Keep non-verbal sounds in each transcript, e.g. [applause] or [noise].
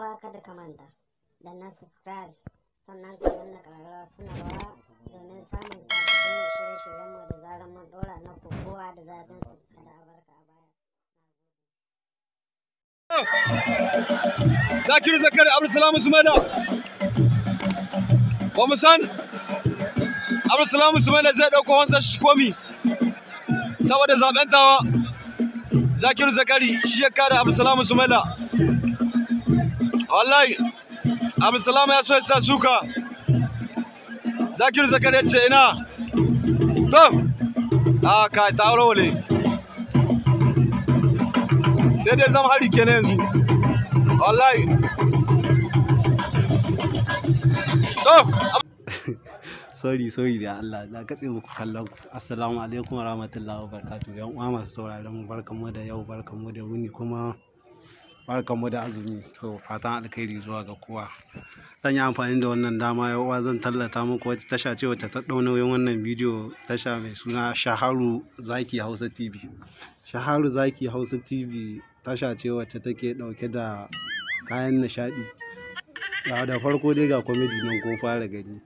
uwa da ka manta da na subscribe sannan ka danna suna sanarwa domin samun sabbin shirye-shiryenmu da zarar mun ɗora na kowa da zafin su kada a barka a baya. Zakiru Zakari Abdulsalam Usmana ba mu san Abdulsalam Usmana zai ɗauko wansa shi komi saboda zaɓen tawa Zakiru Zakari shi ya kare Abdulsalam Usmana. wallahi abdulsalama ya so ya sa suka zakir zakar ya ce ina to a kai ta aure wale sai dai zama hari kenan yanzu wallahi to [laughs] sorry sorry da Allah na katse muku kallon ku assalamu alaikum warahmatullahi wabarakatuh yan uwa masu sauraron mu barkamu da yau barkamu da wuni kuma barkanmu da azumi to fatan alkhairi zuwa ga kowa zan yi amfani da wannan dama uwa zan tallata muku wata tasha ce wacce ta ɗauna nauyin wannan bidiyo tasha mai suna shaharu zaki hausa tv shaharu zaki hausa tv tasha ce wacce take ɗauke da kayan nishaɗi da farko dai ga kwamidi nan ko fara gani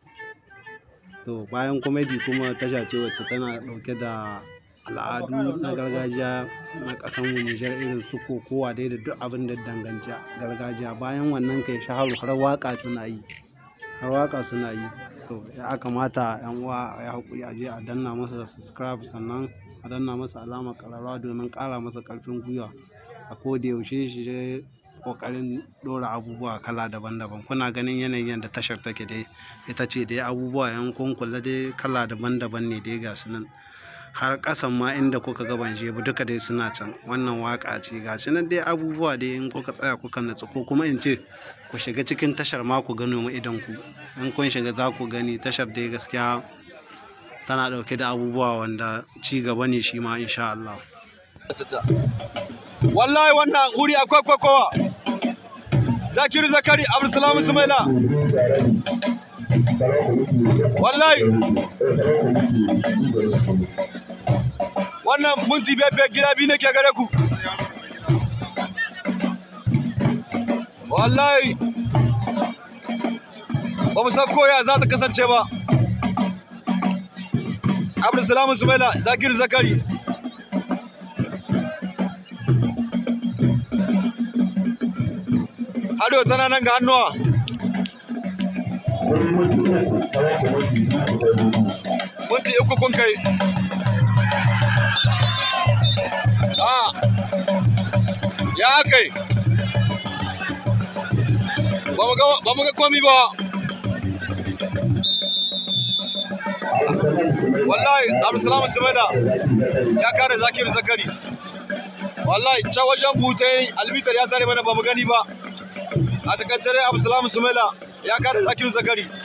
to bayan kwamidi kuma tasha ce wacce tana ɗauke da al'adu na gargajiya na ƙasar Nijar irin su kokowa dai da duk abin da danganci gargajiya bayan wannan kai shaharu har waka suna yi har waka suna yi to ya kamata yan uwa ya hakuri a je a danna masa subscribe sannan a danna masa alama kararwa domin ƙara masa ƙarfin gwiwa a koda yaushe shi kokarin dora abubuwa kala daban-daban kuna ganin yanayin yadda tashar take dai ita ce dai abubuwa yankun kula dai kala daban-daban ne dai ga su nan har ƙasan ma inda kuka ga ban jebu duka dai suna can wannan waka ce ga shi nan dai abubuwa dai in kuka tsaya kuka natsu ko kuma in ce ku shiga cikin tashar ma ku gano mu idan ku in kun shiga za ku gani tashar dai gaskiya tana ɗauke da abubuwa wanda ci gaba ne shi ma insha Allah wallahi wannan wuri akwai kwakwawa zakiru zakari abdulsalam sumaila wallahi wannan munti biyar gida biyu ne ke gare ku wallahi ba mu san koya za ta kasance ba abdulsalam sumaila zakir zakari ado tana nan ga hannuwa minti uku kun kai ya kai ba mu ga komi ba wallahi abdulsalamu sumaida ya kare zakiru zakari wallahi can wajen bute albitar ya tare mana ba mu gani ba a takaicere abdulsalamu sumaida ya kare zakiru zakari